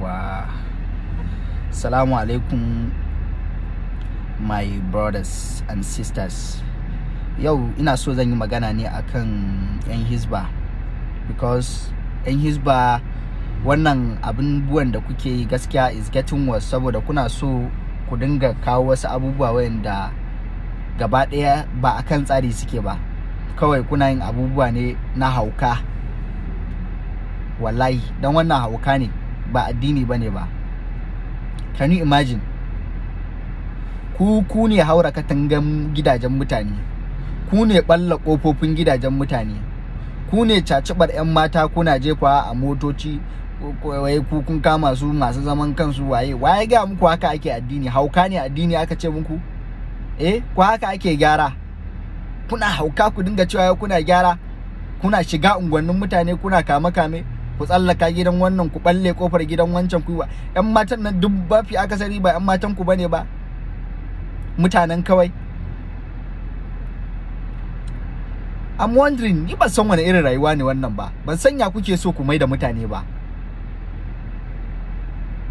kwa. salamu alaikum my brothers and sisters yau ina so zan yi magana ne akan yan hisba because yan hisba wannan abubuwan da kuke yi gaskiya is getting worse saboda kuna so ku dinga kawo wasu abubuwa wayanda gaba ɗaya ba akan tsari suke ba kawai kuna yin abubuwa ne na hauka wallahi don wannan hauka ne ba addini bane ba can you imagine ku ku ne haura katangan gidajen mutane ku ne balla kofofin gidajen mutane ku ne cacibar 'yan mata kuna jefa a motoci waye ku kun kama su masu zaman kansu waye waye ga muku haka ake addini hauka ne addini aka ce muku eh ku haka ake gyara kuna hauka ku dinga cewa kuna gyara kuna shiga unguwannin mutane kuna kame kame ku tsallaka gidan wannan ku balle kofar gidan wancan ku wa yan matan nan duk ba fi akasari ba yan matan ku bane ba mutanen kawai I'm wondering ni ba san wani irin rayuwa ne wannan ba ban san ya kuke so ku mai da mutane ba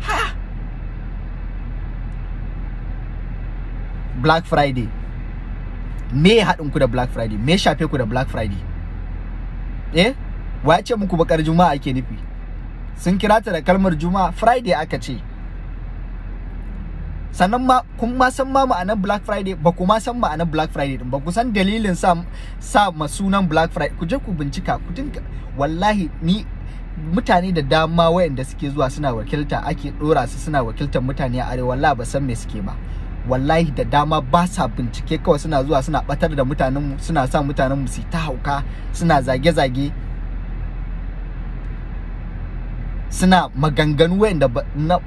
ha Black Friday me haɗin ku da Black Friday me shafe ku da Black Friday eh wa ce muku bakar juma'a ake nufi sun kira ta da kalmar juma'a friday aka ce sannan ma kun ma san ma ma'anar black friday ba ku ma san ma'anar black friday din ba ku san dalilin sa sa sunan black friday ku je ku bincika ku dinka wallahi ni mutane da dama wayanda suke zuwa suna wakilta ake dora su suna wakiltar mutane a arewa wallahi ba san me suke ba wallahi da dama ba sa bincike kawai suna zuwa suna batar da mutanenmu suna sa mutanenmu su ta hauka suna zage-zage suna maganganu wanda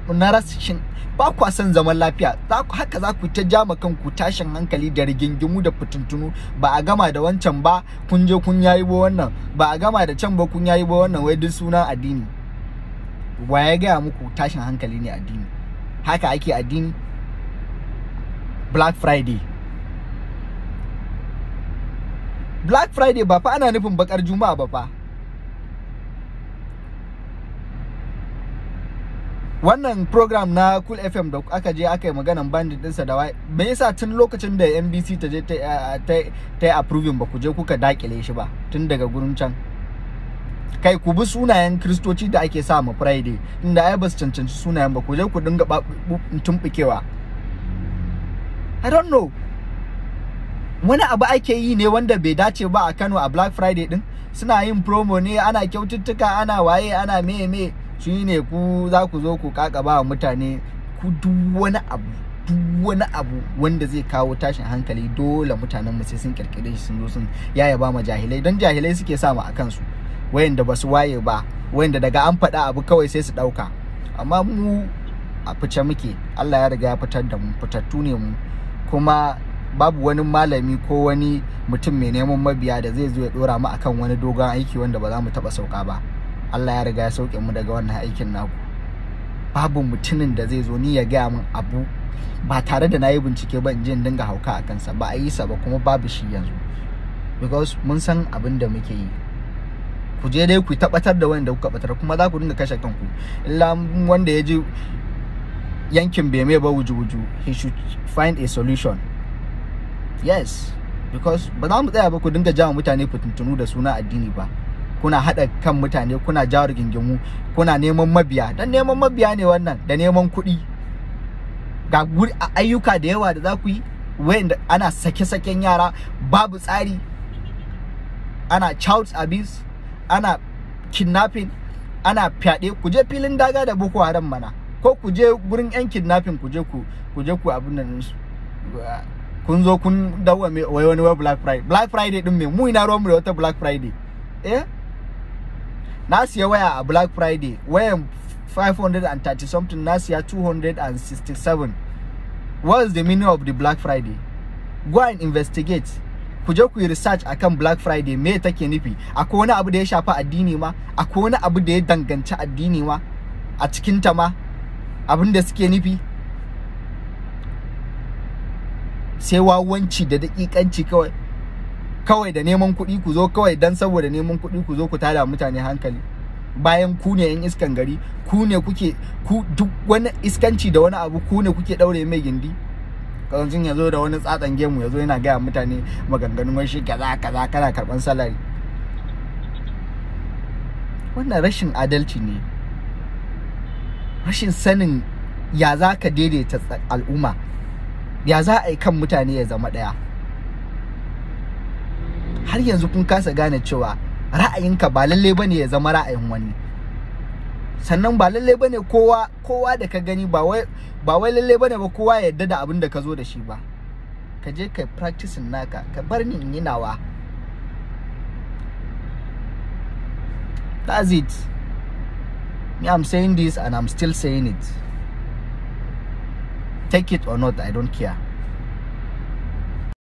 na rashin ba ku san zaman lafiya haka za ku ta jama kanku tashin hankali da rigingimu da fitintunu ba a gama da wancan ba kun je kun yayi ba wannan ba a gama da can ba kun yayi ba wannan wai duk sunan addini wa ya gaya muku tashin hankali ne addini haka ake addini black friday black friday ba fa ana nufin bakar juma'a ba fa wannan program na cool fm da aka je aka yi maganan bandit dinsa da wai me yasa tun lokacin da nbc ta je ta yi approving ba ku je kuka dakile shi ba tun daga gurin can kai ku bi sunayen kristoci da ake sa ma friday inda ai ba su cancanci sunayen ba ku je ku dinga tumbikewa i don't know wani abu ake yi ne wanda bai dace ba a kano a black friday din suna yin promo ne ana kyaututtuka ana waye ana meye meye shine ku za ku zo ku kakaba wa mutane ku duk wani abu duk wani abu wanda zai kawo tashin hankali dole mutanen mu sai sun kirkire shi sun zo sun yaya ba ma jahilai don jahilai suke sa mu akan su wayanda ba su waye ba wayanda daga an faɗa abu kawai sai su ɗauka amma mu a fice muke Allah ya riga ya fitar da mu fitattu ne mu kuma babu wani malami ko wani mutum mai neman mabiya da zai zo ya dora mu akan wani dogon aiki wanda ba za mu taba sauka ba Allah ya riga ya sauke mu daga wannan aikin naku babu mutumin da zai zo ni ya gaya min abu ba tare da nayi bincike ba in je in dinga hauka a kansa ba a yi sa ba kuma babu shi yanzu because mun san abin da muke yi ku je dai ku tabbatar da wanda kuka batar kuma za ku dinga kashe kanku illa wanda ya ji yankin bai mai ba wuju-wuju he should find a solution yes because ba za mu tsaya ba ku dinga jawa mutane fitintunu da suna addini ba kuna haɗa kan mutane kuna jawo rigingimu kuna neman mabiya dan neman mabiya ne wannan da neman kuɗi ga ayyuka da yawa da za ku yi wanda ana sake-saken yara babu tsari ana child abuse ana kidnapping ana fyaɗe ku je filin daga da boko haram mana ko ku je gurin yan kidnapping ku je ku ku je ku abin nan su kun zo kun dawo mai wani black friday black friday din mai mu ina ruwan mu da wata black friday eh na siya waya a black friday wayan 530 something na siya 267 what is the meaning of the black friday go and investigate ku je ku yi research akan black friday me take nufi akwai wani abu da ya shafi addini ma akwai wani abu da ya danganci addini ma a cikin ta ma abin da suke nufi sai wawanci da dakikanci kawai kawai da neman kuɗi ku zo kawai dan saboda neman kuɗi ku zo ku tada mutane hankali bayan ku ne yan iskan gari ku ne kuke ku duk wani iskanci da wani abu ku ne kuke daure mai gindi kazancin ya zo da wani tsatsan gemu ya zo yana gaya mutane maganganun wai shi kaza kaza kana karban salari wannan rashin adalci ne rashin sanin ya za ka daidaita al'umma ya za a yi kan mutane ya zama ɗaya har yanzu kun kasa gane cewa ra'ayinka ba lalle bane ya zama ra'ayin wani sannan ba lalle bane kowa kowa da ka gani ba wai ba wai lalle bane ba kowa ya yarda da abin da ka zo da shi ba ka je kai practicing naka ka bar ni in yi nawa that's it me i'm saying this and i'm still saying it take it or not i don't care